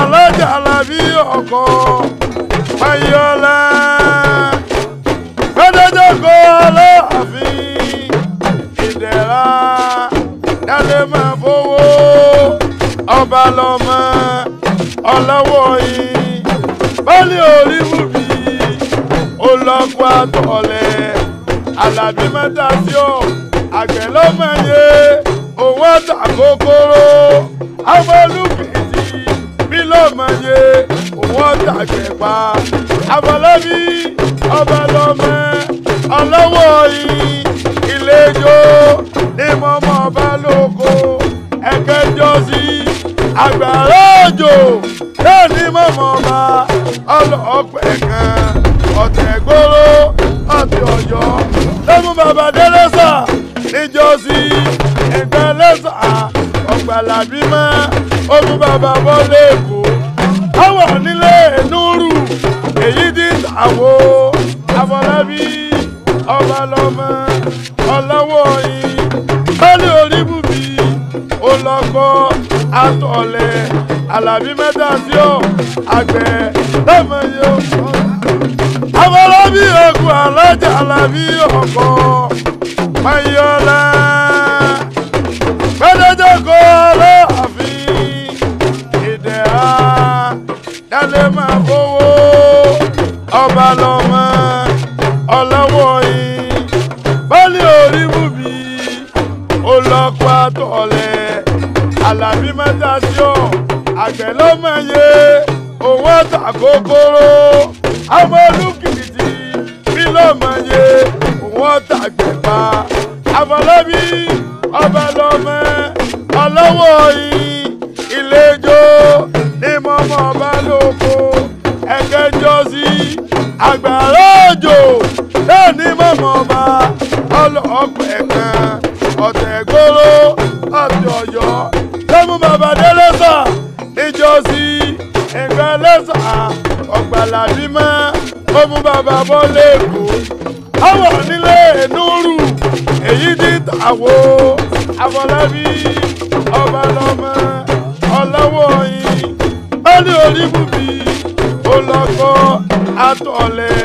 alájà alábí ọkọ ayọlẹ gbẹdẹdẹkọ aláàfin ìdẹ̀ra yálé máa fowó ọba lọmọ ọlọ́wọ́ yìí bálẹ orí wùbí olọkọ àtọlẹ alábí mẹ́ta sí ọ àgbẹ̀ lọmọ yẹ òun àtàkókòrò afọlùkọ lọ́mọye òun ọ̀tàgbẹ̀ pa àfọlábí ọba lọ́mọ ọlọ́wọ́ yìí ìlẹ́jọ́ ní mọ́mọ́ ọba lóko ẹ̀kẹ́jọ́ sí àgbàrá òjò náà ní mọ́mọ́ ọba ọlọ́ọ̀pẹ̀ kan ọ̀tẹ̀ gbòòrò àti ọ̀yọ́ lọ́mú bàbá dẹ́lẹ́sà níjọ́sí ẹgbẹ́ ọ̀gbàlà bímọ ogun bàbá bọ́lé èkó. alábí mẹ́ta sí ọ àgbẹ̀ lẹ́mọ yìí ó sọ. abọ́lábí ogun alájà alábí ọkọ̀ mayọ̀lá. àwo àfọlábí ọba lọmọ ọlọ́wọ́ yìí ọdún oríbùbí olọ́kọ́ àtọ̀lẹ̀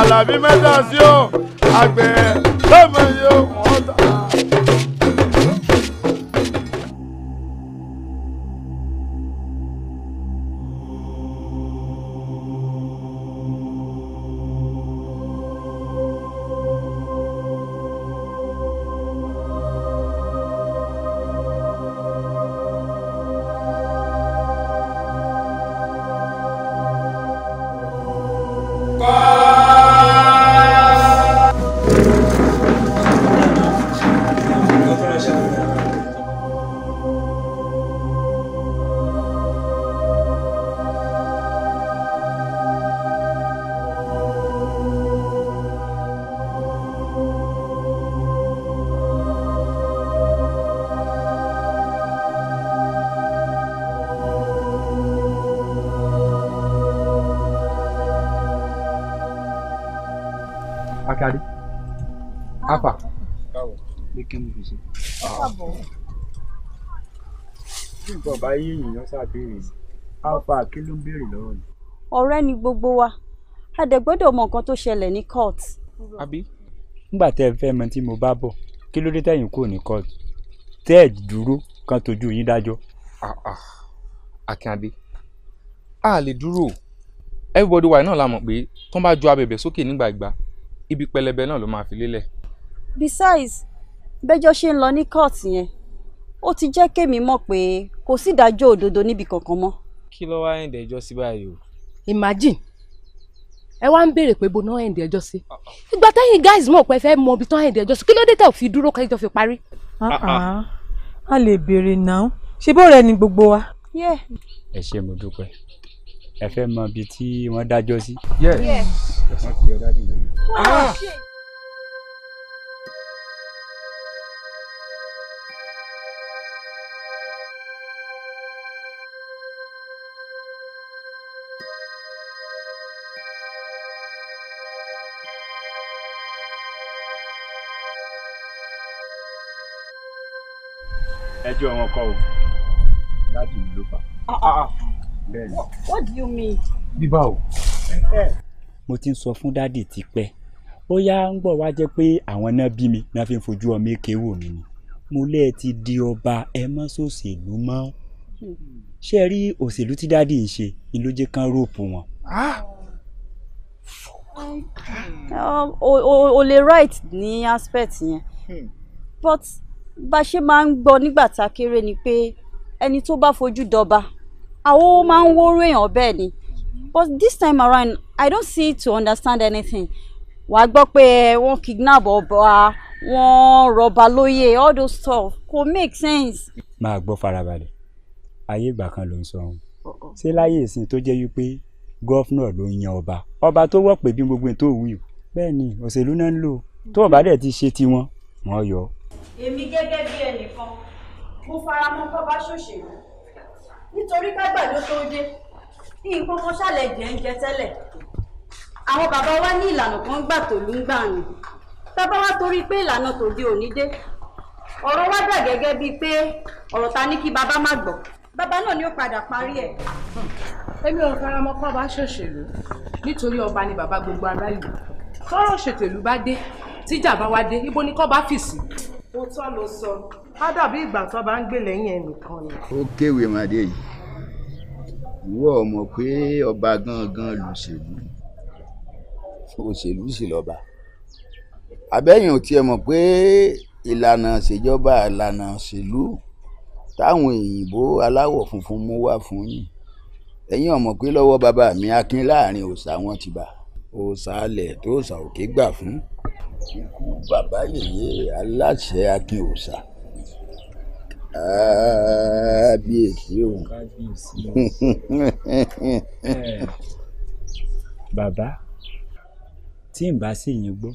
alábí mẹ́ta sí ọ àgbẹ̀ bá yé èèyàn ṣàbẹ̀rẹ̀ alfa kí ló ni. ọ̀rẹ́ ni gbogbo wa a dẹ̀ gbọ́dọ̀ mọ nǹkan tó ṣẹlẹ̀ ní court. àbí nígbà tẹ́ mọ tí mo bá bọ̀ kí ló dé tẹ̀yìn kúrò ní court tẹ́ ẹ dúró kan tójú yín dájọ́. Ah, ah, a lè dúró everybody wa náà la mọ̀ pé tó bá ju abẹ̀bẹ̀ sókè nígbà ìgbà ibi pẹlẹbẹ náà ló máa fi kò sí ìdájọ́ òdodo níbi kankan mọ́. kí ló wá ẹ̀ǹdẹ̀ ẹjọ́ sí báyìí o. imagine ẹ wá ń béèrè pé bóná ẹ̀ǹdẹ̀ ẹjọ́ sí ah, ah. ìgbà tẹ́yìn guys mọ̀ pé ẹ fẹ́ mọ ibi tán ẹ̀ǹdẹ̀ ẹjọ́ sí kí ló dé tẹ̀ fi dúró kẹ́jọ́ fi parí. Ah, a lè béèrè náà ṣe bó ni gbogbo wa. ẹ ṣe mo dúpẹ́ ẹ fẹ́ mọ ibi tí wọ́n dájọ́ sí. yes. yes. yes. yes. yes. yes. yes. yes. jẹ́ ọmọ kọ́ o dáàdì mi ló ah, ah. Ah, what do you mean. bíbá o. Eh, eh. mo ti ń sọ fún dáàdì tipẹ́ ó yá ń gbọ́ wá jẹ́ pé àwọn náà bí mi náà fi ń fojú ọmọ èké wò mí ni mo lẹ́ẹ̀ ti di ọba ẹ mọ́ sòṣèlú mọ́ ṣé ẹ rí òṣèlú tí dáàdì ń ṣe ni ló jẹ́ kán rọ́ọ̀pù wọn. Um, o lè right ní aspect yẹn hmm. but bá ṣe máa ń gbọ́ nígbà tá a kéré ni pé ẹni tó bá fojú dọba àwọn ó máa ń wóró èèyàn bẹ́ẹ̀ ni but this time around I don't see to understand anything wàá gbọ́ pé eh, wọ́n kidnap ọba wọ́n rọba lóyè all those stuff kò make sense. máa gbọ́ farabalẹ̀ ayé ìgbà kan ló ń sọ ohun ṣé láyé ìsìn tó jẹ́ wípé gọ́fúnà ló ń yan ọba ọba tó wọ́pẹ̀ bí gbogbo ètò òwú yìí bẹ́ẹ̀ ni òṣèlú náà ń lò tó ọba dẹ̀ ti ṣe tiwọn wọ́n yọ èmi gẹ́gẹ́ bí ẹnìkan mo fara mọ́ kọ́ bá ṣòṣèlú nítorí kágbàdo tó dé nǹkan kan ṣàlẹ̀ jẹ́ ń jẹ tẹ́lẹ̀ àwọn bàbá wa ní ìlànà kan gbà tó ló ń gbà ní bàbá wa torí pé ìlànà tòde òní dé ọ̀rọ̀ wa dà gẹ́gẹ́ bíi pé ọ̀rọ̀ ta ní kí bàbá má gbọ́ bàbá náà ni ó padà parí ẹ̀. èmi ò fara mọ́ kọ́ bá ṣòṣèlú nítorí ọba ni bàbá gbogbo aráàlú tọ́rọ̀ ṣètèlú bá dé tíjà bá wá dé ibo ni kọ́ fì sí òótọ́ ló sọ á dàbí ìgbà tó bá ń gbè lẹ́yìn ẹnìkan ni. ó kéwèé màdé yìí ìwọ mọ̀ pé ọba gangan lòṣèlú òṣèlú sì lọ́ba àbẹ́yìn ò tiẹ̀ mọ̀ pé ìlànà ìṣèjọba ìlànà òṣèlú táwọn òyìnbó aláwọ̀ funfun mú wá fún yín ẹ̀yin ò pé lọ́wọ́ bàbá mi akin láàrin òòṣà wọn ti bà òòṣàlẹ̀ tó òòṣà òkè gbà fún ikú bàbá yèyé aláṣẹ akin òòṣà kábíyèsí o. Eh, bàbá tí n bá sì yín gbọ́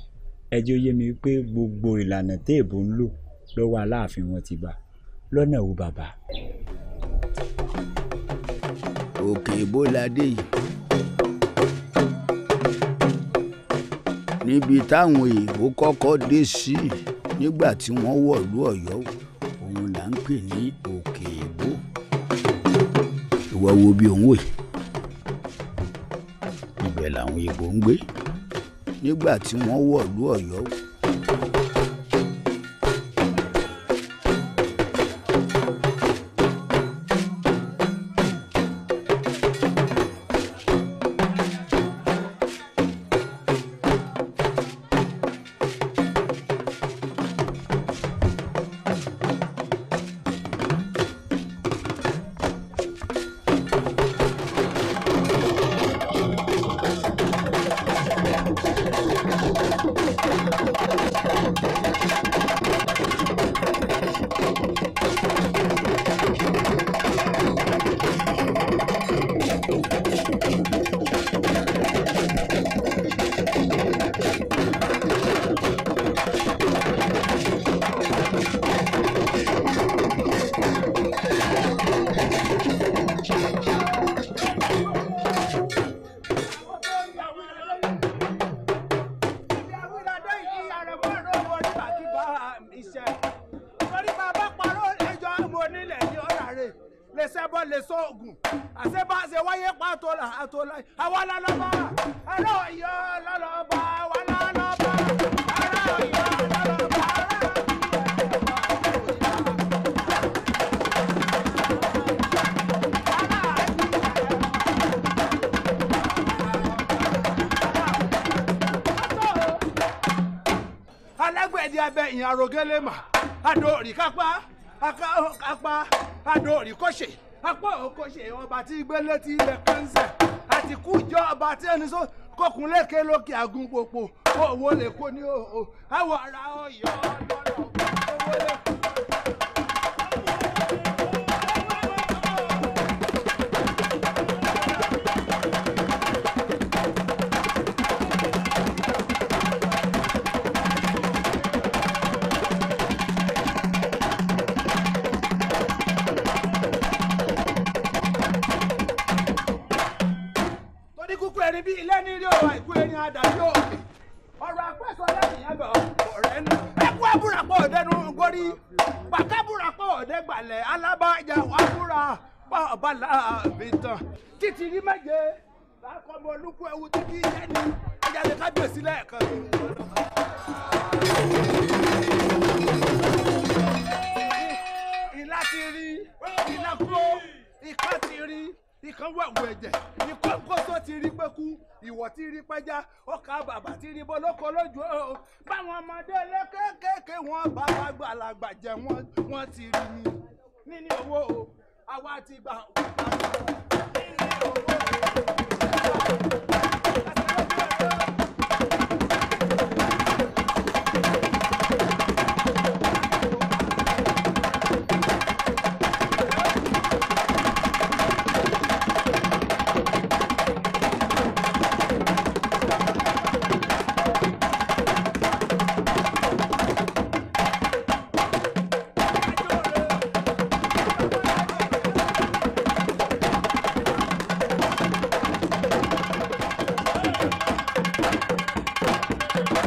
ẹ jẹ́ ó yé mi pé gbogbo ìlànà téèbù ń lò lọ́wọ́ aláàfin wọn ti gbà lọ́nà wo bàbá. òkè ìbó la dé yìí. níbi táwọn èèbó kọ́kọ́ dé sí nígbà tí wọ́n wọ̀lú ọ̀yọ́ òun là ń pè ní òkè èèbó ìwọ wo bí òun wè ibẹ̀ làwọn èèbó ń gbé nígbà tí wọ́n wọ̀lú ọ̀yọ́. àti ìgbélé ti ilẹ̀ kánṣẹ̀ àtìkú ìjọ ọba tí ẹni sọ kọkùnléke lókè àgùnpòpò owó lè kó ní òhò káwọ ara olúkú ẹwù tí kì í yẹ ni ẹ̀yà lè kábíyèsí lẹ́ẹ̀kan bí wọn náà. ìlà ti rí ìlà kúrò ìka ti rí ìkan wẹ̀wù ẹ̀jẹ̀ ìkan kóso ti rí pẹ́kú ìwọ̀ ti rí pẹ́já ọkà bàbà ti rí bọ́lọ́kọ lójú ẹ̀ báwọn ọmọdé lẹ́kẹ́kẹ́kẹ́ wọn bá wa jẹ wọn ti rí ni níní owó àwa ti gbà wọn. Thank you.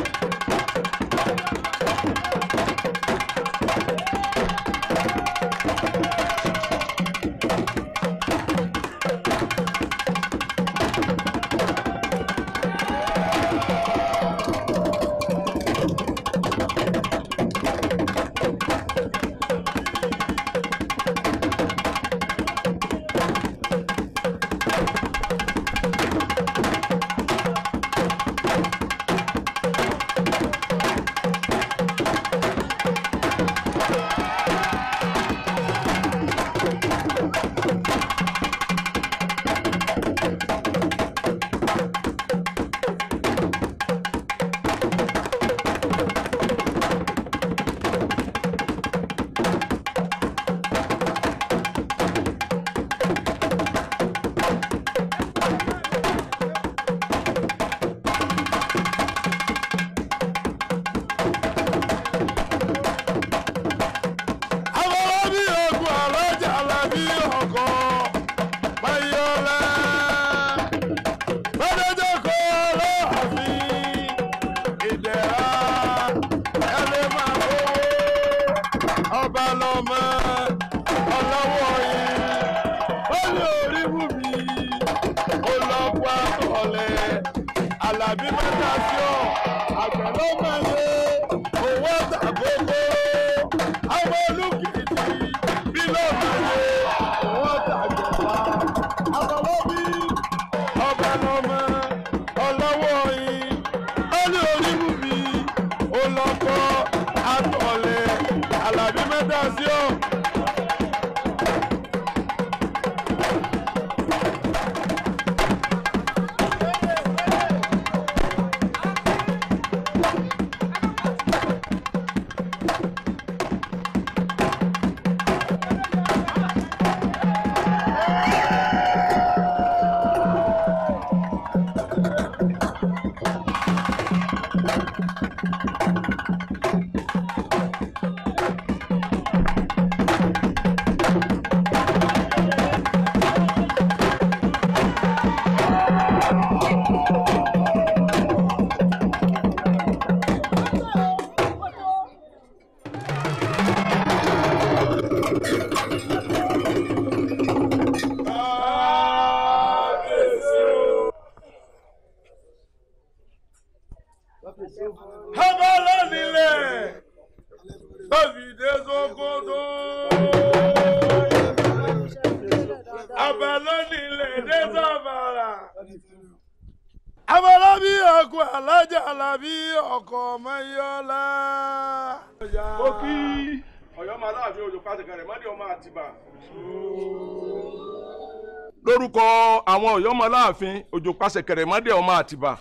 ààfin òjò pàṣẹ kẹrẹmọdé ọmọ àtìbà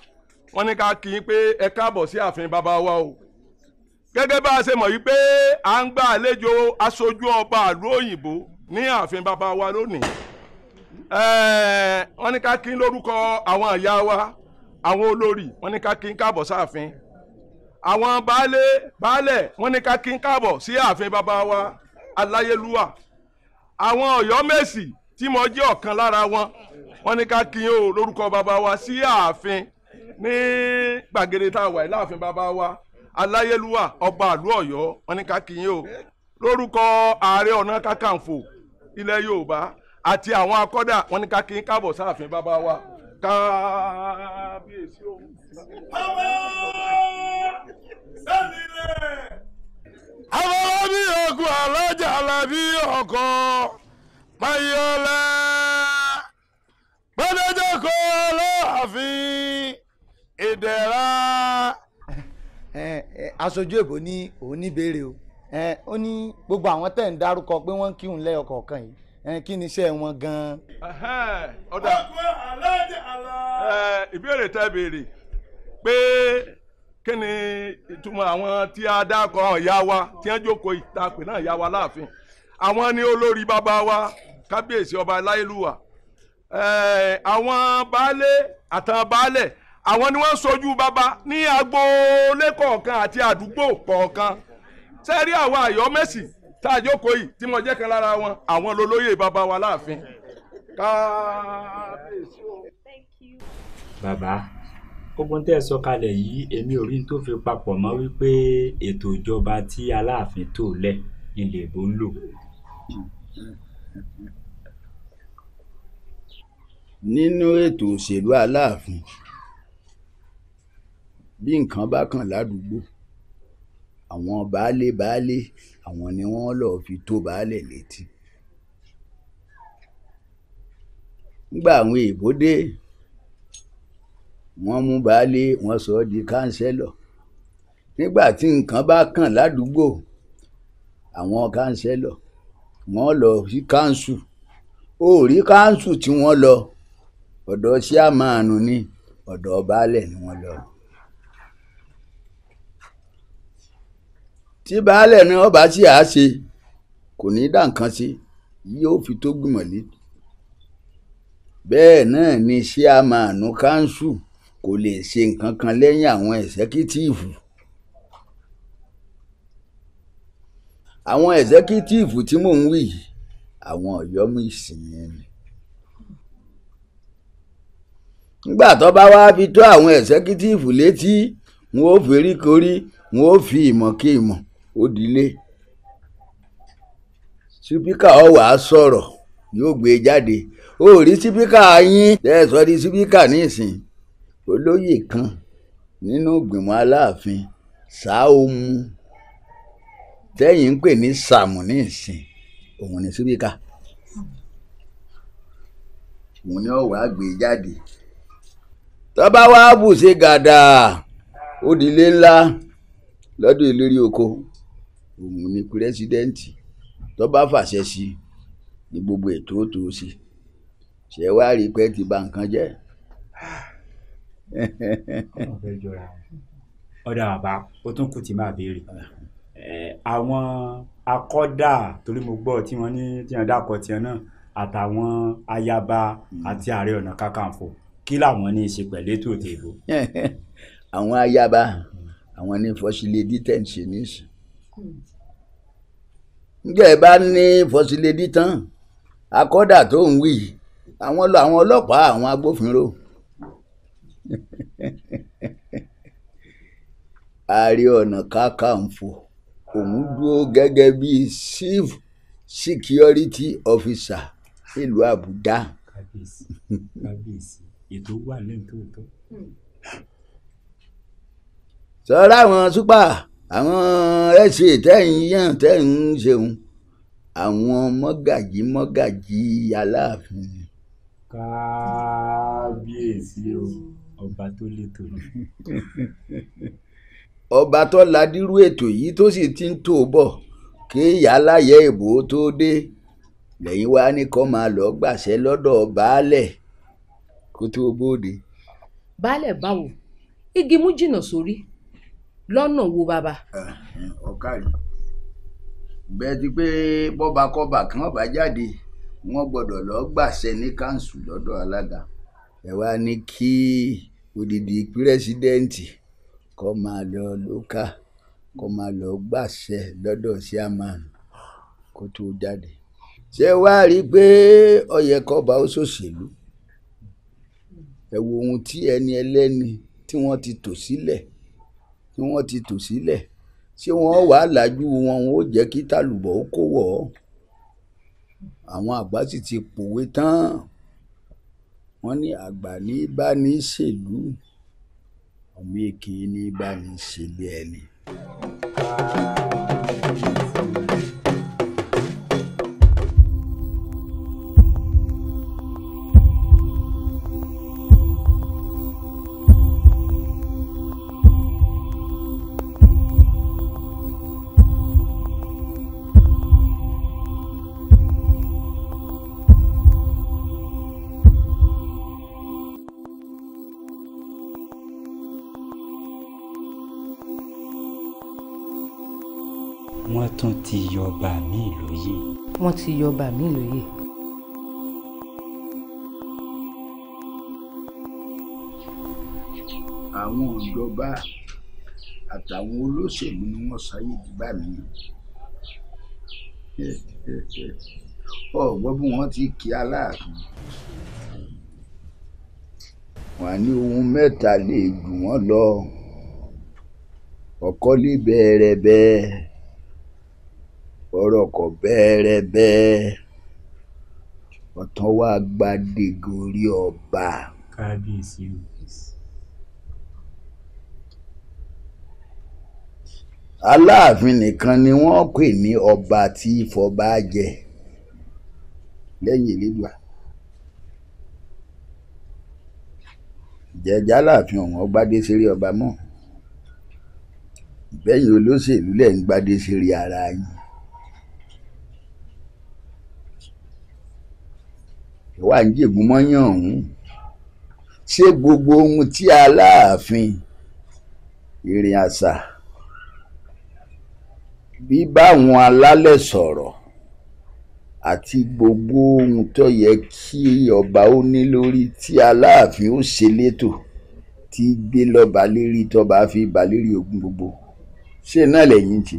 wọ́n ní ká kí n pé ẹ káàbọ̀ sí ààfin bàbá wa o gẹ́gẹ́ bá a ṣe mọ̀ wípé à ń gba àlejò aṣojú ọba àlú òyìnbó ní ààfin bàbá wa lónìí wọ́n ní ká kí n lórúkọ àwọn ìyá wa àwọn olórí wọ́n ní ká kí n káàbọ̀ sáàfin àwọn baálé baálẹ̀ wọ́n ní ká kí n káàbọ̀ sí ààfin bàbá wa aláyélúwà àwọn ọ̀yọ́mèsì tí mo jẹ́ ọ̀kan lára wọn wọ́n ní ká kí yín o lórúkọ bàbá wa sí ààfin ní gbàgede tá a wà yìí láàfin bàbá wa aláyélúwà ọba àlú Ọ̀yọ́ wọ́n ní ká kí yín o lórúkọ ààrẹ ọ̀nà kàkànfò ilẹ̀ Yorùbá àti àwọn akọ́dà wọ́n ní ká kí yín káàbọ̀ sáàfin bàbá wa kábíyèsí o. bàbá sẹ́ni rẹ̀. Afọlábí ògùn alájà làbí ọkọ̀ mayọ̀lẹ́ bọ́dọ̀jọ́ kó lọ́àfin ìdẹ̀ra. aṣojú èbó ní òun ní béèrè o ó ní gbogbo àwọn tẹ̀ ń dárúkọ pé wọ́n ń kírun lẹ́yọ kọ̀ọ̀kan yìí kí ni iṣẹ́ wọn gan-an. ọ̀dà ìbéèrè tẹ́ béèrè pé kí ni ìtumọ̀ àwọn tí a dákọ̀ ìyá wa tí wọ́n jókòó ìtàpè náà ìyá wa láàfin àwọn ni olórí bàbá wa kábíyèsí ọba láìlúwà Eh, àwọn baálé àtàn baálẹ̀ àwọn ni wọ́n sojú baba ní agboolé kọ̀ọ̀kan àti àdúgbò kọ̀ọ̀kan sẹ́rí àwọn àyọ́mẹ́sì tá a jókòó yìí tí mo jẹ́ kan lára wọn àwọn lolóyè baba wa láàfin. bàbá ogun tẹ́ ẹ sọ kalẹ̀ yìí èmi ò rí n tó fi papọ̀ mọ́ wípé ètò ìjọba tí aláàfin tò lẹ̀ ilé ìbò ń lò nínú ètò òṣèlú Aláàfin bí nǹkan bá kàn ládùúgbò àwọn baálé baálé àwọn ni wọ́n lọ fi tó baálẹ̀ létí nígbà àwọn èèbó dé wọ́n mú baálé wọ́n sọ ọ́ di kánsẹ́lọ̀ nígbà tí nǹkan bá kàn ládùúgbò àwọn kánsẹ́lọ̀ wọ́n lọ sí kánsù ó rí kánsù tí wọ́n lọ ọ̀dọ̀ ṣíàmánu ní ọ̀dọ̀ baálẹ̀ ni wọ́n lọ. tí baálẹ̀ ni ọba sì á ṣe kò ní dá nǹkan sí yóò fi tó gbìmọ̀ létí. bẹ́ẹ̀ náà ni ṣíàmánu káńsù kò lè ṣe nǹkan kan lẹ́yìn àwọn ẹ̀sẹ́kítíìfù. àwọn ẹ̀sẹ́kítíìfù tí mò ń wí yìí àwọn ọ̀yọ́mú ìsìn yẹn ni. nígbà tó bá wá fi tó àwọn ẹ̀sẹ́kítíìfù létí wọn ó ferí korí wọn ó fi ìmọ̀ kí ìmọ̀ ó dilé sípíkà ọwà sọ̀rọ̀ yóò gbé e jáde ó rí sípíkà yín ẹ sọ di sípíkà nísìn olóyè kan nínú ìgbìmọ̀ aláàfin sáómù tẹ́yìn ń pè ní sàmù nísìn òun ni sípíkà òun ni ọwà gbé e jáde tọ́ba wá bù ṣe gàdà ó di ilé ńlá lọ́dún ìlérí oko òun ni pírẹ́sídẹ́ǹtì tọ́ba fàṣẹ sí ní gbogbo ètò tó ṣe ṣe wá rí pé ti bà nǹkan jẹ́. ọ̀dà bàbá ó tún kù tí máa béèrè àwọn akọ́dà torí mo gbọ́ tí wọ́n ní tí wọ́n dákọ̀ tiẹ̀ náà àtàwọn ayaba hmm. àti ààrẹ ọ̀nà kakanfò kí làwọn ní í ṣe pẹ̀lú ètò ìdìbò. àwọn ayaba àwọn ní fọsílédì tẹ̀ ń ṣe níṣẹ́ ǹjẹ́ ẹ bá ní fọsílédì tán akọ́dà tó ń wí àwọn àwọn ọlọ́pàá àwọn agbófinró ààrẹ ọ̀nà kákàǹfò òun dúró gẹ́gẹ́ bíi chief security officer nílùú àbújá ètò wà ní nítòótọ́. sọ́ra àwọn súpà àwọn ẹ̀sìn tẹ́yìn yàn tẹ́yìn ń ṣeun àwọn mọ́gàjí mọ́gàjí aláàfin. kábíyèsí o ọba tó lè tò ní. ọba tó ladírú ètò yìí tó sì ti ń tò bọ̀ kí ìyáláyé ìbò tó dé lẹ́yìn wá ní kó máa lọ gbàṣẹ lọ́dọ̀ baálẹ̀ kó tó bóde. baálẹ̀ báwo igi mú jìnnà sórí lọ́nà wo bàbá. ọ̀kàrí bẹ́ẹ̀ ti pé bọ́bakọ́ba kan bá jáde wọ́n gbọ́dọ̀ lọ́ọ́ gbàṣẹ ní káńsù lọ́dọ̀ alága ẹ̀ wá ní kí odidi pírẹsidẹ́ǹtì kọ́ máa lọ lókà kọ́ máa lọ gbàṣẹ lọ́dọ̀ síámánù kó tóó jáde ṣé wàá rí i pé ó ó ṣòṣèlú ẹ wo ohun tí ẹni ẹlẹ́ni tí wọ́n ti tò sílẹ̀ tí wọ́n ti tò sílẹ̀ ṣé wọ́n wàá làjú wọn wọn ò jẹ́ kí tàlùbọ̀ ó kó wọ̀ ọ́ àwọn àgbà sì ti pòwe tán wọ́n ní àgbà ní bá ní ṣèlú ọmọ èké ní bá ṣèlú ẹni. Thank you. wọ́n ti yọ ọba mi lóyè. àwọn ìjọba àtàwọn olóṣèlú ni wọ́n sáyé dìgbà mi ọgbọ́n bí wọ́n ti kí aláàfin wọ́n ní ohun mẹ́ta lè jù wọ́n lọ ọ̀kọ́ lè bẹ̀rẹ̀ bẹ́ẹ̀ ọ̀rọ̀ kò bẹ̀rẹ̀ bẹ́ẹ̀ ọ̀tán wàá gbàdégò orí ọba. kábíyèsí o. aláàfin nìkan ni wọ́n pè ní ọba tí ìfọba jẹ lẹ́yìn elédùà jẹjẹ aláàfin ọ̀hún ọgbádé ṣeré ọba mọ́ bẹ́yìn olóṣèlú lẹ́yìn gbádé ṣeré ara yín ìwà ń jègún mọ́yàn ọ̀hún ṣé gbogbo ohun tí aláàfin ìrìn àṣà bíbá àwọn alálẹ̀ sọ̀rọ̀ àti gbogbo ohun tó yẹ kí ọba ó ní lórí tí aláàfin ó ṣe létò tí gbé lọ́ba lérí tọ́ba fi bà ogun gbogbo ṣé náà lẹ́yìn ti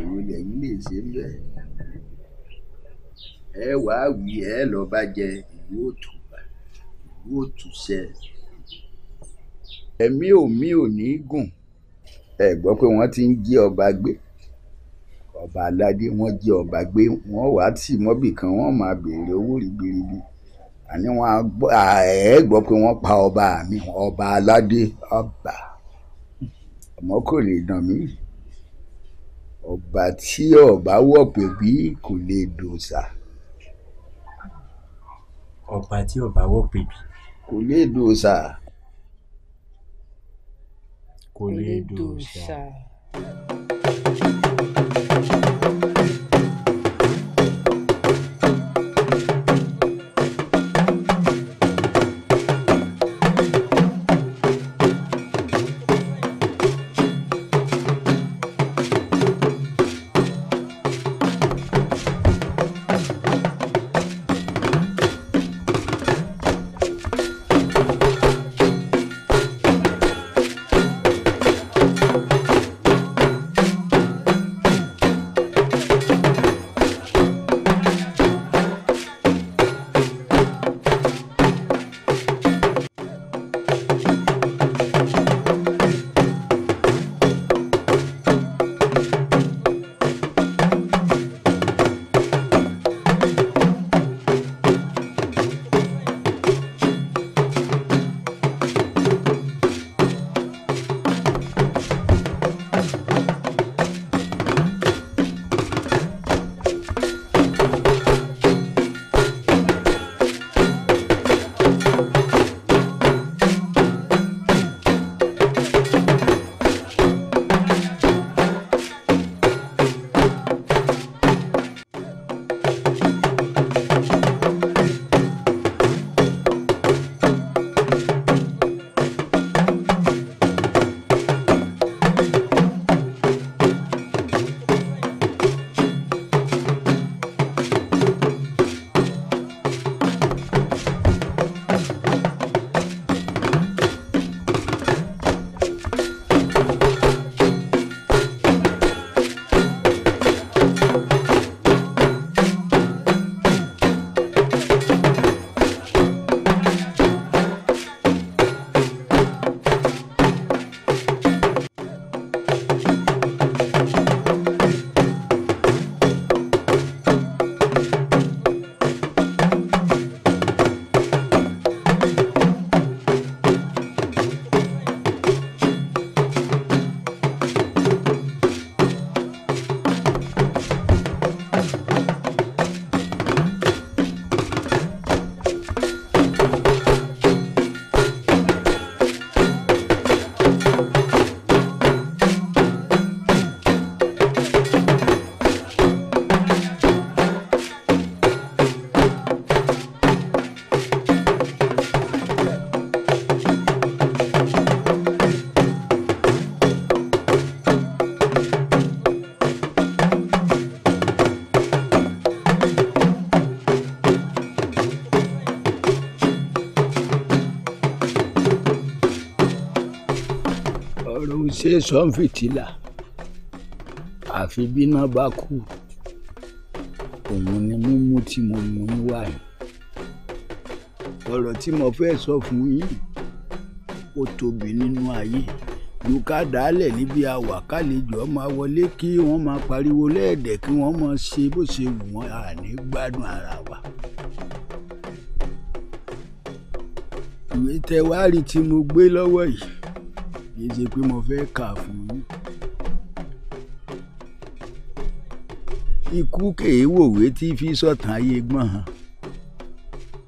èwo lẹ́yìn lè ṣe bẹ́ẹ̀ ẹ wàá wí ẹ lọ bá jẹ ìlú òtùbà ìlú òtùṣẹ ẹ̀mí òmí ò ní gùn ẹ gbọ́ pé wọ́n ti ń jí ọba gbé ọba aládé wọ́n jí ọba gbé wọ́n wà á tì mọ́bì kan wọ́n máa béèrè owó ribiribi àní wọ́n ẹ gbọ́ pé wọ́n pa ọba mi ọba aládé ọba ọmọ kò lè dàn mí ọba tí ọba wọ̀pẹ̀ bí kò lè dòṣà ọba tí ọba wọ pèbí. kò lè do òòṣà. kò lè do òòṣà. ṣe sọ́nfìtìlà àfi bíná bá kú òun ni mímú tí mo mú yín wá yìí ọ̀rọ̀ tí mo fẹ́ sọ fún yín ó tóbi nínú ayé ju ká dálẹ̀ níbi àwà kálejò máa wọlé kí wọ́n máa pariwo lẹ́ẹ̀dẹ̀ kí wọ́n máa ṣe bó ṣe wù wọ́n àní gbádùn ara wa. ìwé tẹ wá rí tí mo gbé lọ́wọ́ yìí kì í ṣe pé mo fẹ́ kà fún yín. ikú kèé wòwe tí fi sọ̀tàn ayé gbọ̀n hàn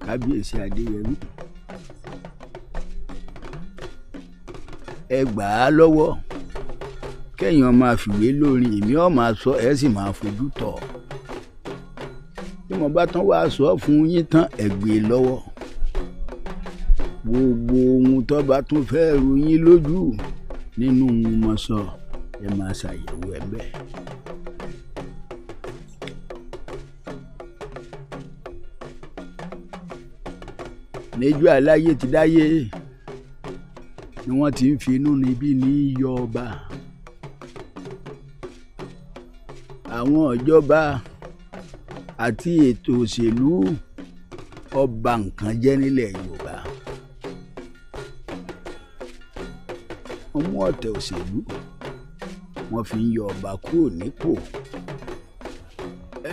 kábíyèsí adéyẹmí ẹ gbà á lọ́wọ́ kẹ́yìn máa fìwé lórí èmi ọ̀ máa sọ ẹ̀ sì máa fojú tọ̀ bí mo bá tán wàá sọ fún yín tán ẹ̀ gbé e lọ́wọ́ gbogbo ohun tó bá tún fẹ́ ròyìn lójú nínú ohun mo sọ ẹ máa ṣàyẹ̀wò ẹ̀ bẹ́ẹ̀. aláyé ti dáyé ni wọ́n ti ń fi inú níbí ní yọ ọba àwọn ìjọba àti ètò òṣèlú ọba nǹkan jẹ́ nílẹ̀ Yorùbá. wọ́n mú ọ̀tẹ̀ òṣèlú wọ́n fi ń yọ ọba kúrò nípò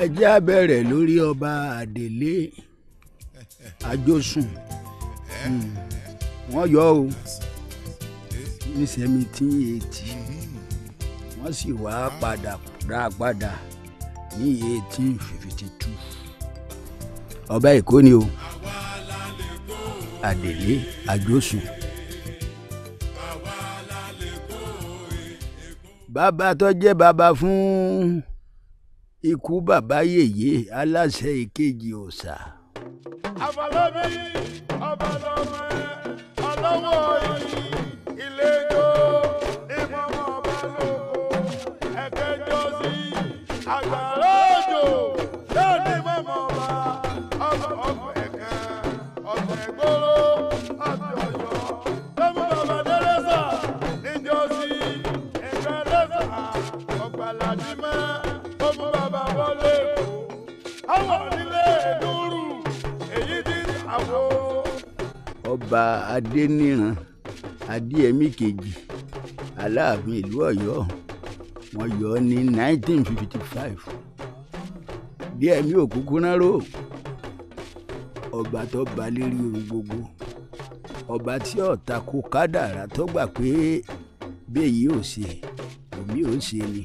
ẹ jẹ́ á bẹ̀rẹ̀ lórí ọba àdèlé àjọsùn hmm. wọ́n yọ o ní seventeen eighty wọ́n sì wá padà dá padà ní eighteen fifty two ọba èkó ni o àdèlé àjọsùn. bàbá tó jẹ́ bàbá fún ikú bàbá yèyé aláṣẹ ìkejì òòṣà. àfàlọ́bí ọ̀bàlọ́mẹ ọlọ́wọ́ yìí ìlẹ́jọ́ ìmọ̀mọ́ ọba lóko ẹ̀kẹ́jọ́ sí àgbàlá òjò. ọba adẹniran adéyẹmí kejì aláàfin ìlú Ọ̀yọ́ wọ́n yọ ọ ní 1955 bí ẹ̀mí òkúkú náà rò ọba tó ba lérí ohun gbogbo ọba tí ọ̀tá kó tó gbà pé béèyí ò ṣe omi ò ṣe ni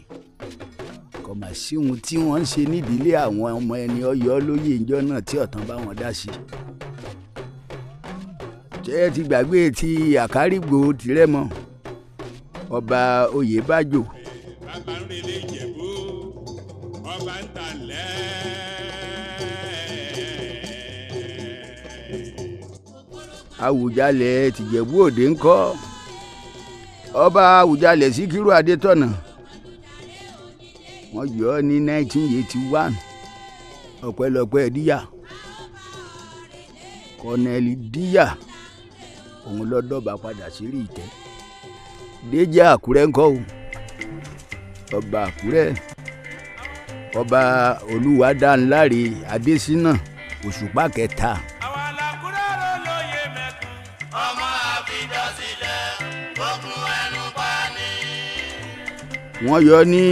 kò mà sí ohun tí wọ́n ń ṣe nídìílé àwọn ọmọ ẹni Ọ̀yọ́ lóyè ìjọ náà tí ọ̀tán bá wọn dá sí i ṣé ẹ ti gbàgbé ti àkárìgbò tirẹ̀ mọ́ ọba oyèbájò. bàbá ń relé ìjẹ̀bú ọba ń talẹ̀. àwùjalẹ̀ tìjẹ̀bú òde ńkọ́ ọba àwùjalẹ̀ síkírù adétọ̀nà wọ́n yọ ọ́ ní nineteen eighty one ọ̀pẹ̀lọpẹ̀ díyà kọ́nẹ́lì díyà òun lọ dọ̀bà padà sírí ìtẹ́ Déjì Àkúrẹ́ ńkọ́ o ọba Àkúrẹ́ ọba Olúwadáńláre Adésínà òṣùpá kẹta. wọ́n yọ ní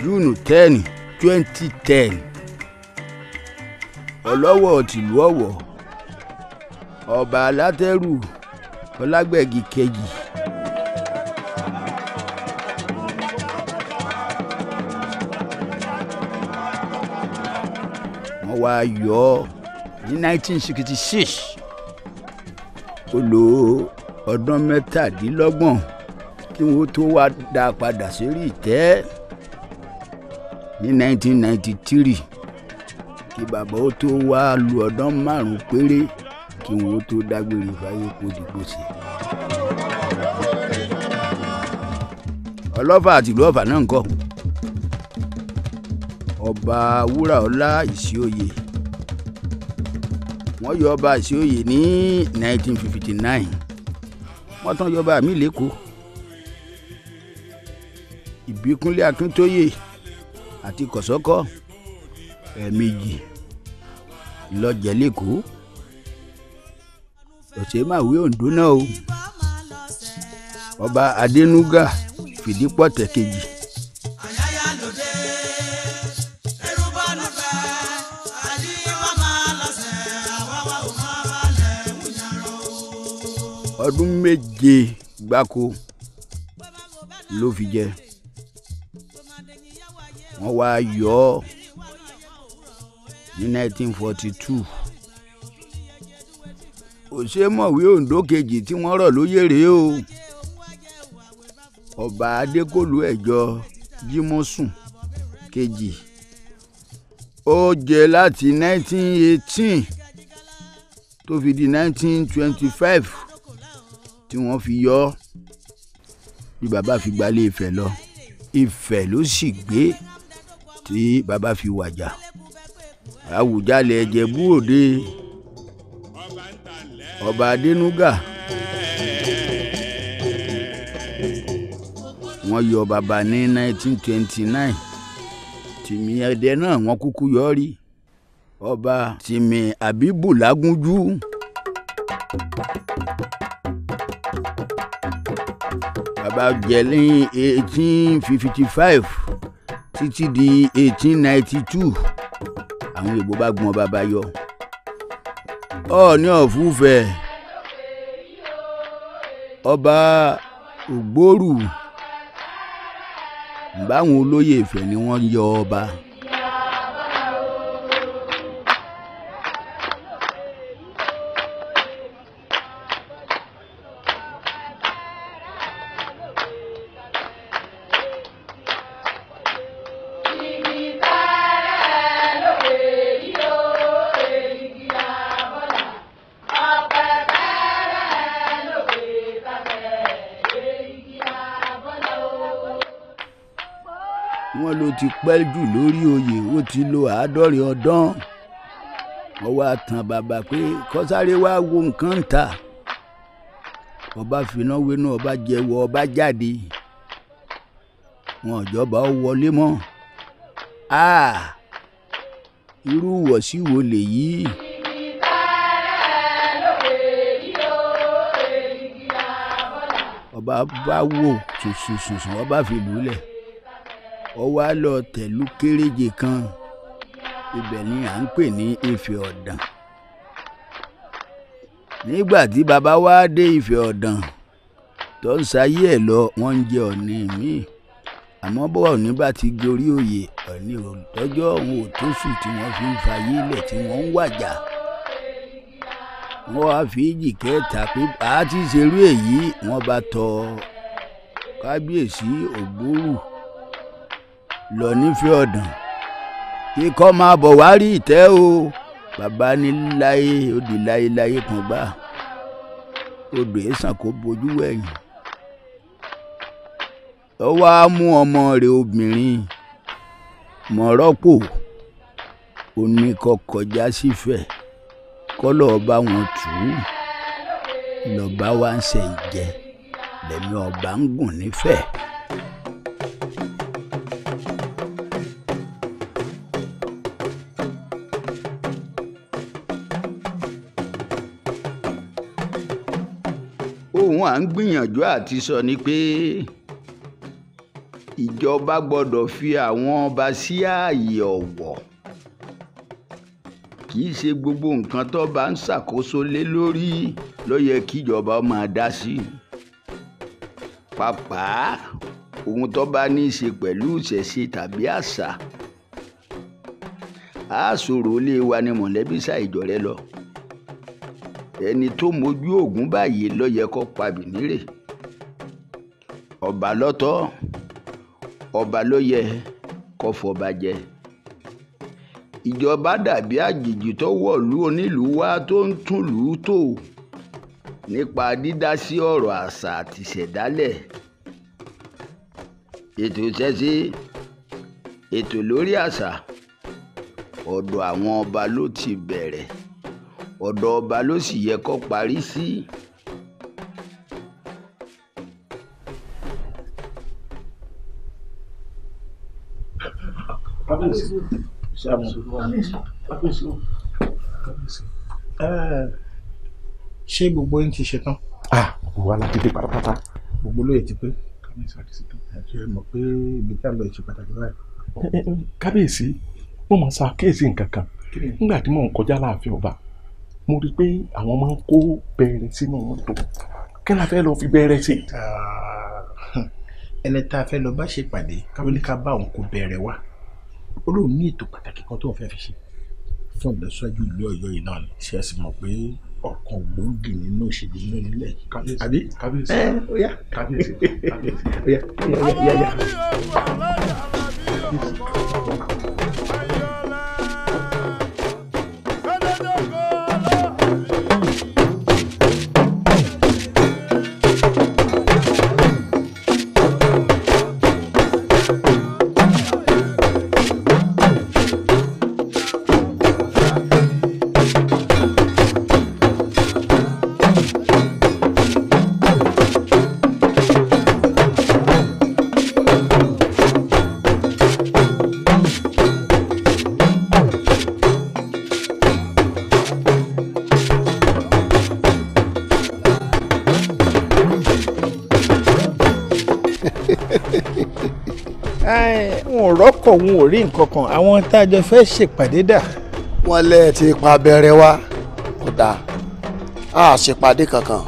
júùnù ten twenty ten ọlọ́wọ̀ tìlú Ọ̀wọ̀ ọba alátẹrù ọlágbẹ̀gì kejì. wọ́n wá yọ ọ́ ní 1966 ó lò ọdún mẹ́tàdínlọ́gbọ̀n kí wọ́n tó wá dá a padà sórí ìtẹ́ ní 1993 kí bàbá ó tó wá lu ọdún márùn-ún péré kí wọn ó tó dágbére fáyé kó dìgbò sí. ọlọ́fà àtìlú ọ̀fà náà ń kọ́ ọba wúràọlá ìṣíòye wọ́n yọ ọba ìṣíòye ní 1959 wọ́n tán yọba mi lẹ́kọ̀ọ́ ìbíkúnlé akíntóyè àti kọ̀sọ́kọ́ ẹ̀ẹ̀mejì lọ́jẹ̀ lẹ́kọ̀ọ́ ọ̀sẹ̀máwé Oǹdó náà o ọba Adénúgà Fìdípọ̀tẹ̀ kejì. ọdún méje gbáko ló fi jẹ wọ́n wá yọ ọ ní nineteen forty two òṣèmọ̀wé ondo kejì tí wọ́n rọ̀ lóyè rèé o ọba adékòlù ẹ̀jọ́ jímọ̀sùn kejì ó jẹ láti 1918 tó fi di 1925 tí wọ́n fi yọ ọ́ bí bàbá fi gbalẹ̀ Ifẹ̀ lọ Ifẹ̀ ló sì gbé tí bàbá fi wàjà Àwùjalẹ̀ Ìjẹ̀bú Òde ọba adénúgà wọ́n yọ bàbá ní 1929 tìmí ẹdẹ náà wọ́n kúkú yọ rí ọba tìmí àbíbù lágúnjú. bàbá jẹ̀lẹ́ 1855 títí di 1892 àwọn Ìgbò bá gun ọba bayọ ọọ̀ni ọ̀fúfẹ́ ọba ògbóòrù báwọn olóyè Ifẹ̀ ni wọ́n yọ ọba. ti pẹ́ jù lórí oyè ó ti lo àádọ́rin ọdún wọ́n wá tan bàbá pé kọ́sáré wá wo nǹkan ta ọba fìná wẹnu ọba jẹwọ ọba jáde wọn ìjọba ó wọlé mọ́ irú wọ̀sí wo lèyí. ọba bá wò sùsùsùsùn ọba fìlú lẹ̀ ó wá lọ tẹ̀lú kéréje kan ibẹ̀ ni à ń pè ní Ifẹ̀ Ọ̀dàn nígbà tí baba wá dé Ifẹ̀ Ọ̀dàn tó ń sayé ẹ̀ lọ wọ́n ń jẹ Ọ̀ọ̀ni míì àmọ́ bọ́ Ọ̀ọ̀ni bá ti gorí oyè Ọ̀ọ̀ni olùtọ́jọ́ òun ò tí wọ́n fi ń fayé lẹ̀ tí wọ́n ń wàjà wọ́n á fi ìjì kẹta pé àá ti ṣerú èyí wọ́n bá tọ kábíyèsí ògbórù lọ nífẹ̀ẹ́ ọ̀dàn kíkọ́ máa bọ̀ wá rí ìtẹ́ o bàbá ní láyé odò láyéláyé kan gbà odò èsàn kò bojú wẹ̀yìn ó wá mú ọmọ rẹ̀ obìnrin mọ̀rọ́pò oníkọ sífẹ̀ kọ́lọ̀ ọba wọn tù ú lọ́ba wa ń ṣe ìjẹ lẹ́mi ọba ń gùn nífẹ̀ẹ́. táwọn à ń gbìyànjú àti sọ ni pé ìjọba gbọ́dọ̀ fi àwọn ọba sí ààyè ọ̀wọ̀ kì í ṣe gbogbo nǹkan tó bá ń ṣàkóso lé lórí ló yẹ kíjọba máa dá sí pàápàá ohun tó bá ní í ṣe pẹ̀lú ìṣẹ̀ṣe tàbí àṣà àṣòro ilé wa ni mọ̀lẹ́bí ṣàìjọ rẹ lọ ẹni tó mojú ogun báyìí ló yẹ kó pa bìnírè ọba lọ́tọ̀ ọba ló yẹ kó fọba jẹ ìjọba dàbí àjèjì tó wọ̀lú onílùú wa tó ń túlùú tò nípa dídá sí ọ̀rọ̀ àṣà àtìṣẹ̀dálẹ̀ ètò ìṣẹ́sí ètò lórí àṣà ọ̀dọ̀ àwọn ọba ló ti bẹ̀rẹ̀ ọ̀dọ̀ ọba ló sì yẹ kó parí sí. ṣé gbogbo yín ti ṣetán. gbogbo wa la ti dé pátápátá. gbogbo lóye ti pé kábíyèsí àti ṣetán àti ẹ mọ̀ pé ibi tá a lọ ṣe pàtàkì báyìí. kábíyèsí wọ́n máa ṣàkíyèsí nǹkan kan nígbà tí mò ń kọjá láàfin ọba mo rí i pé àwọn máa ń kó bẹ̀rẹ̀ sínú mọ́tò kí la fẹ́ lọ fi bẹ̀rẹ̀ sí. ẹni tá a fẹ́ lọ bá ṣe pàdé káwílì ká bá òun kó bẹ̀rẹ̀ wá ó lóun ní ètò pàtàkì kan tó ń fẹ́ fi ṣe fún ìlọsíwájú ìlú Ọ̀yọ́ yìí náà ṣe é sì mọ̀ pé ọ̀kan gbòógì nínú òṣèlú náà nílẹ̀ àbí kábíyèsí ọ̀yá kábíyèsí ọ̀yá ọ̀yá ọ̀yá. kọ̀ òun ò rí nǹkan kan àwọn tá a jọ fẹ́ ṣèpàdé dà. wọ́n lẹ́ ti pa bẹ̀rẹ̀ wá kò dáa a ṣèpàdé kankan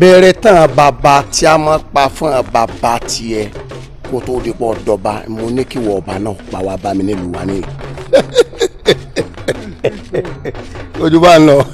bẹ̀rẹ̀ tán bàbá tí a máa pa fún bàbá tiẹ̀ kó tó di pọ̀ dọ̀ba mo ní kí wọ́n ọba náà pa wá bá mi nílùú wa ní. ojú bá ń lọ.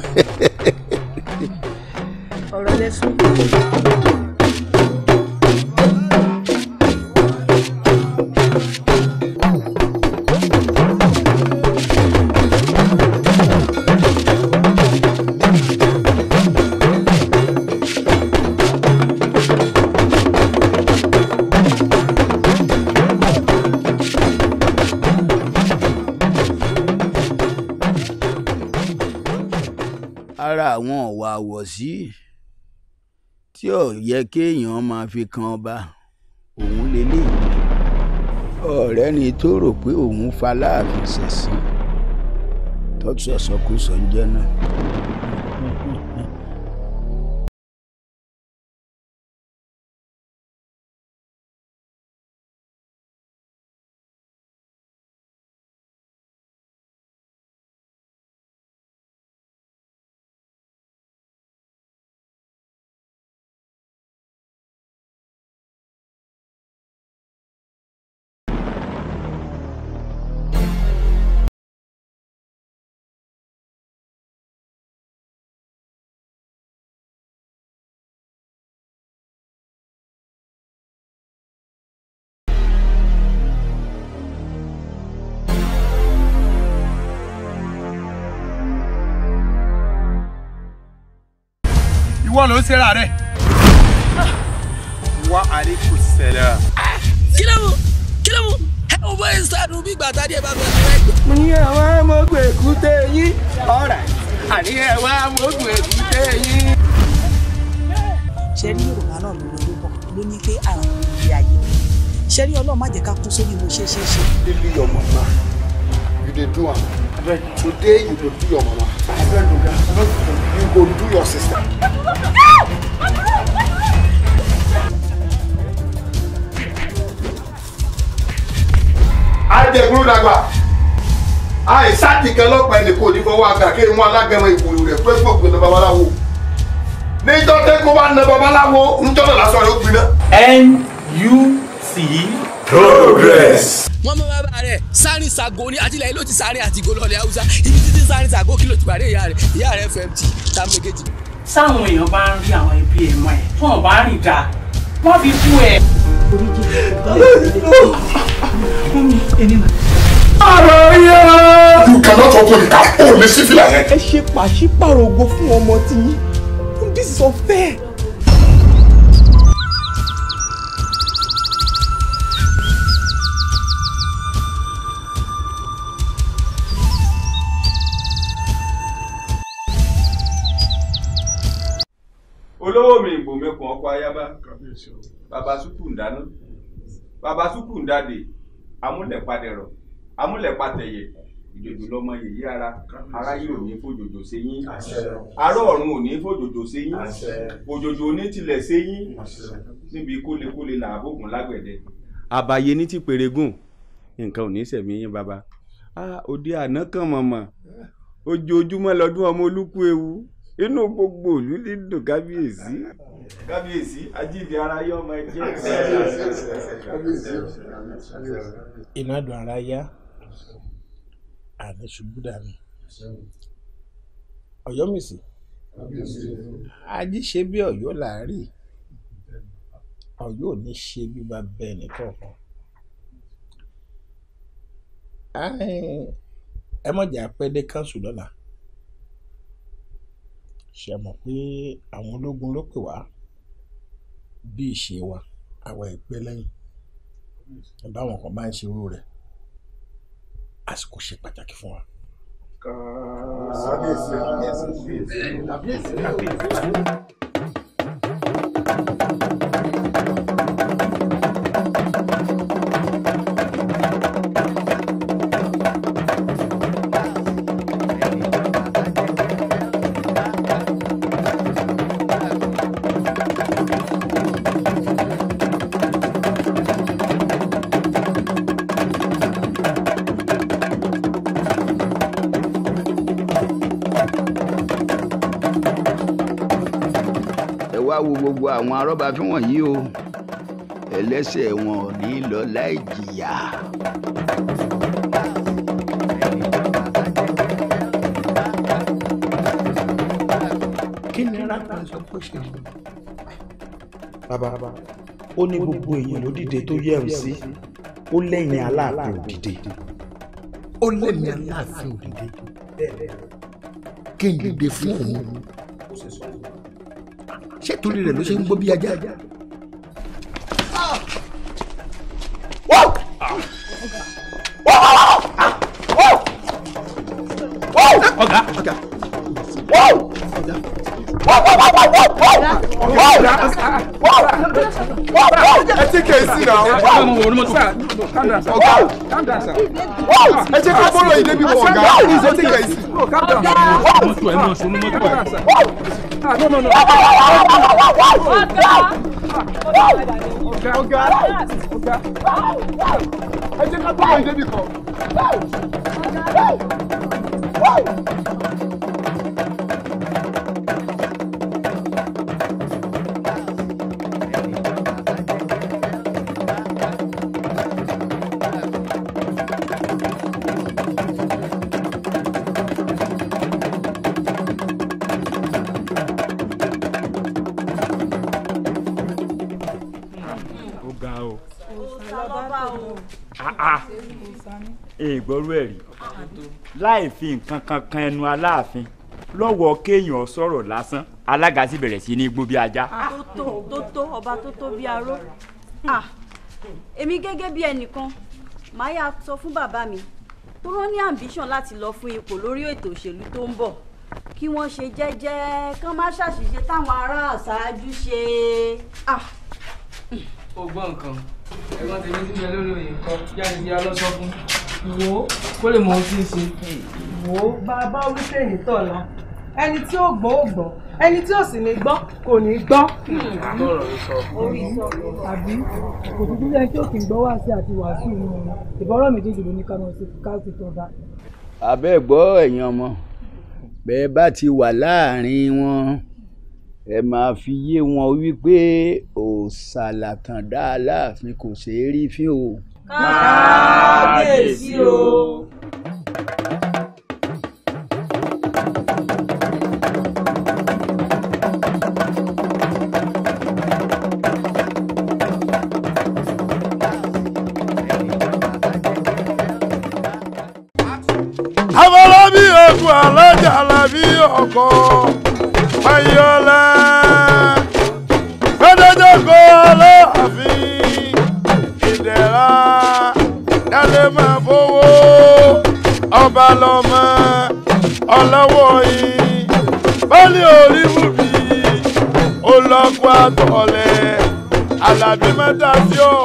àwọn ọ̀wà àwọ̀sí tí ò yẹ kéèyàn máa fi kan ọba òun lélẹ́yìí ọ̀rẹ́ ni tó rò pé òun fa láàfin ṣẹ̀sín tọ́tù ẹ̀sọ́kùsọ̀ ń jẹ́ náà. ìwọ ló ń ṣe ra rẹ. wa àríkù sẹlẹ. kílẹ̀mù kílẹ̀mù ẹ ò bọ́ ìsàdùn bí gbàtà díẹ̀ bá bẹ̀rẹ̀. mo ní àwọn amógùn èkúté yín ọ̀rẹ́ àní àwọn amógùn èkúté yín. ṣe rí yorùbá náà ló lórí bọ̀ ló ní pé àrùn ìyá yìí ṣe rí ọlọ́run má jẹ́ ká kú sórí mo ṣe ṣe ṣe. débi ọmọ náà you dey do am today you go do your mama you go do your sister. àjẹgúrú dàgbà àìsáàtì kan lọ́pàá ẹnì kò ní fọwọ́ àgbà kí wọ́n alágbẹ̀wọ̀n ìwòye rẹ̀ pé kò gbé babaláwo níjọ́ tẹ́kọ̀ọ́ bá na babaláwo níjọ́ náà lásán yóò gbiná. n u c progress. wọ́n mọ bàbá rẹ̀ sáré sago ní ajílẹ̀ ló ti sáré àti ìgò lọ́ọ̀lẹ̀ haúsá ibi títí sáré sago kí ló ti pàdé ìyá rẹ̀ ìyá rẹ̀ fmt tàmégéjì. sáwọn èèyàn bá ń rí àwọn ẹbí ẹ̀ mọ́ ẹ̀ fún ọ̀bá rìn dá wọ́n fi kú ẹ̀. Ara yẹ. You cannot open the up. O lè ṣí fìlà yẹn. Ẹ ṣe pàṣípàrọ̀ ògo fún ọmọ tí yín. This is unfair. baba sukù ń dáná baba sukù ń dáde amúlẹ̀padẹ̀rọ̀ amúlẹ̀patẹ̀yẹ ìjòjò lọmọ yèyí ara ara yìí ò ní fòjòjò séyín aró ọ̀run ò ní fòjòjò séyín òjòjò ní tilẹ̀ séyín níbi kólekóle làbògùn lágbẹ̀dẹ. àbàyè ní ti pèrègùn nǹkan ò ní sẹ̀mí yín bàbá òde àná kan mọ̀mọ́ ojoojúmọ́ lọ́dún ọmọ olúkú ewu inú gbogbo ìlú ní dùn kábíyèsí kábíyèsí ajínigbé aráyé ọmọ ẹjẹ ìnádùn aráyá àní ṣubú dànù Ọ̀yọ́mèsì ají ṣe bí Ọ̀yọ́ làárí Ọ̀yọ́ ò ní ṣe bí bá bẹ nìkọ̀ọ̀kan ẹ mọ̀jà pẹ́ dé kánṣu lọ́la ṣe mọ̀ pé àwọn ológun ló pè wá bí ìṣe wa àwa ìpè lẹ́yìn báwọn kan bá ń ṣe irú rẹ̀ àsìkò ṣe pàtàkì fún wa. Kábíyèsí kábíyèsí kábíyèsí kábíyèsí. àwọn arọ́bàfin wọ̀nyí o ẹlẹ́sẹ̀ wọn ò ní lọ láì jìyà. kí ni rákàn sọ pé ṣe lò. bàbá ó ní gbogbo èèyàn ló dìde tó yẹ̀ ọ́ sí ó lẹ́yìn aláàfin ò ó lẹ́yìn aláàfin ò kí n dìde fún òun torí rẹ̀ ló ṣe ń gbó bí ajá. ọ̀gá ọ̀gá ẹtí kèésì náà ọ̀gá ẹtí kò bọ́lọ̀ yìí débi wọ̀ ọ̀gá ẹtí kèésì. No, no, no. Ọ̀gá ọ̀gá ọ̀gá. Ẹ jẹ́ ká tó lóye débi kan. ìgbọ́rú ẹ̀ rí láì fi nǹkan kan kan ẹnu aláàfin lọ́wọ́ kéèyàn sọ̀rọ̀ lásán alága sì bẹ̀rẹ̀ sí ní gbó bí ajá. Ah, tó tó tó ọba tó tó bí aró ah, èmi gẹ́gẹ́ bí ẹnìkan màá yà sọ fún bàbá mi tó rán ní ambition láti lọ fún ipò lórí ètò òṣèlú tó ń bọ̀ kí wọ́n ṣe jẹ́jẹ́ kán má ṣàṣìṣe táwọn ará àṣáájú ṣe. Ah, ogbọ́n nǹkan ẹ̀gbọ́n tèmi ti yẹ lórí òye kan jáde bí alọ́sọ fún wo kó lè mọ ohun tí ń ṣe. wo bàbá olùsèyí tọ̀la ẹni tí ó gbọ́ ó gbọ́ ẹni tí ó sì ní gbọ́ kò ní gbọ́. àbí kò dúdú lẹ́yìn tí ó kì í gbọ́ wá sí àti wàásù inú wọn ìbọ́rọ̀ méjèèjì ló ní ká máa ṣe ká sì tọ́ba. àbẹ́ gbọ́ ẹ̀yin ọmọ bẹ́ẹ̀ bá ti wà láàrin wọn ẹ máa fi yé wọn wípé òòṣàlà tàǹdà aláàfin kò ṣeé rí fín o. kábíyèsí o. àwọn ọlọ́bí ogun alájà làbí ọkọ. alimentación.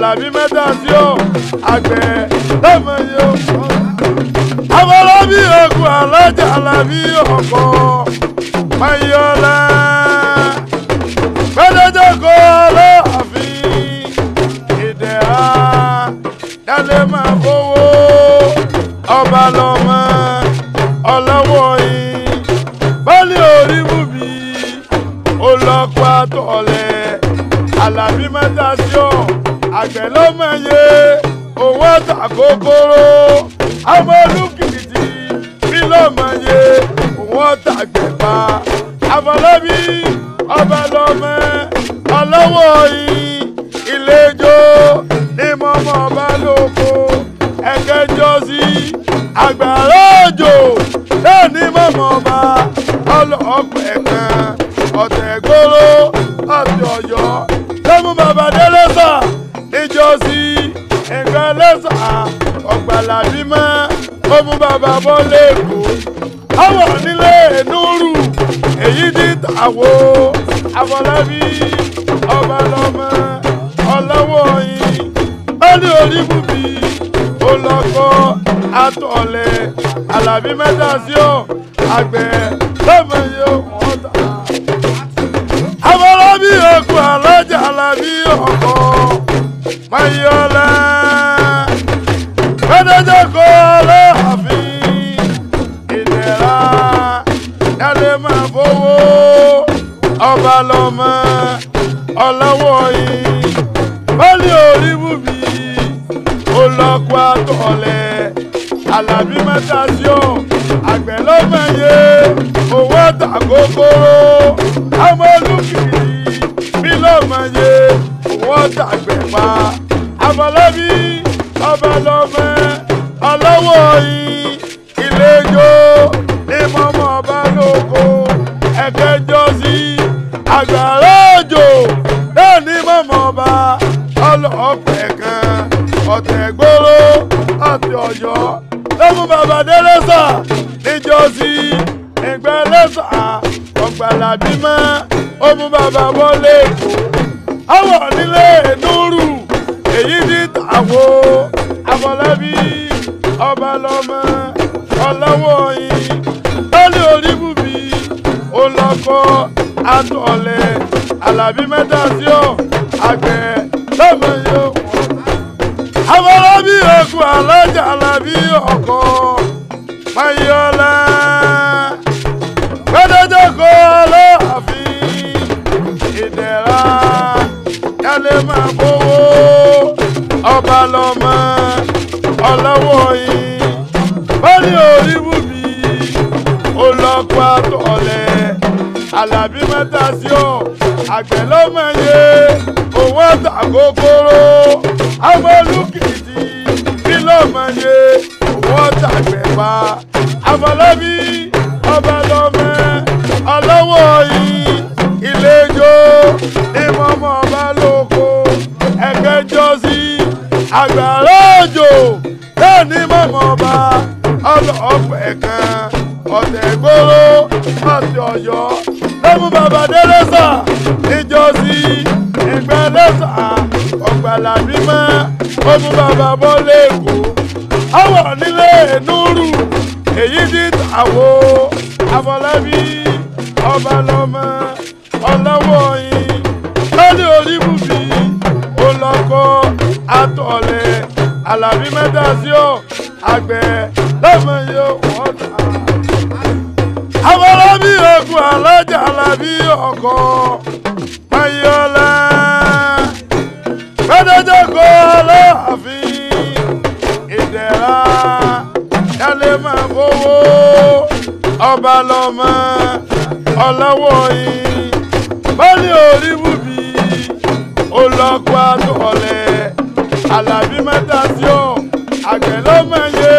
la àlàbí mẹ́ta sí ọ àgbẹ̀ lẹ́mọ̀ yìí ó. àfọlábí ogun alájà àlàbí ọkọ̀. àwo àfọlábí ọba lọmọ ọlọ́wọ́ yìí ọdí orí bùbí olọ́kọ́ àtọ̀lẹ̀ alábí mẹ́ta sí ọ àgbẹ̀. dá sí o àgbẹ̀ ló mọ̀ yé owó tàkókó. ọlọ́bí ọba lọ́mẹ ọlọ́wọ́ yìí ìlejò ìmọ̀mọ̀ ọba lóko ẹ̀kẹjọ sí àgbàrá òjò bẹ́ẹ̀ ni mọ̀mọ̀ ọba ọlọ́ọ̀pẹ̀ kan ọ̀tẹ̀ gbóró àti ọ̀yọ́ lẹ́mú bàbá dẹ́rẹ́sà ìjọsí ìgbẹ́lẹ́sà ọ̀gbàlà bímọ ọmú bàbá bọ́lé èkó àwọn ní. Awo Afọlábí ọba lọ́mọ ọlọ́wọ́ yìí lọ́dẹ orí bùbí olọ́kọ́ àtọ̀lẹ̀ Àlàbí mẹ́ta sí ọ àgbẹ̀ lọ́mọ yóò wọ́n ta. Afọlábí ogun alájà Àlàbí ọkọ̀ ayọ̀lá mẹ́tẹ́jọ́ kọ́ ọ́. ọba lọ́mọ ọlọ́wọ́ yìí bọ́ọ̀lì orí wùbí olọ́kọ́ àtọ̀ọ̀lẹ̀ alábí mẹ́ta sí ọ àgbẹ̀ lọ́mọye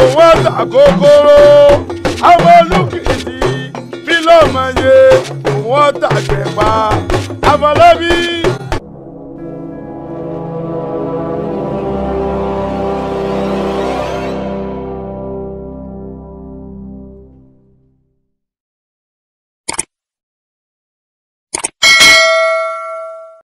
owó àtàkókóró àwọn olùkìtì bí lọ́mọye òun ọ̀tàgbẹ̀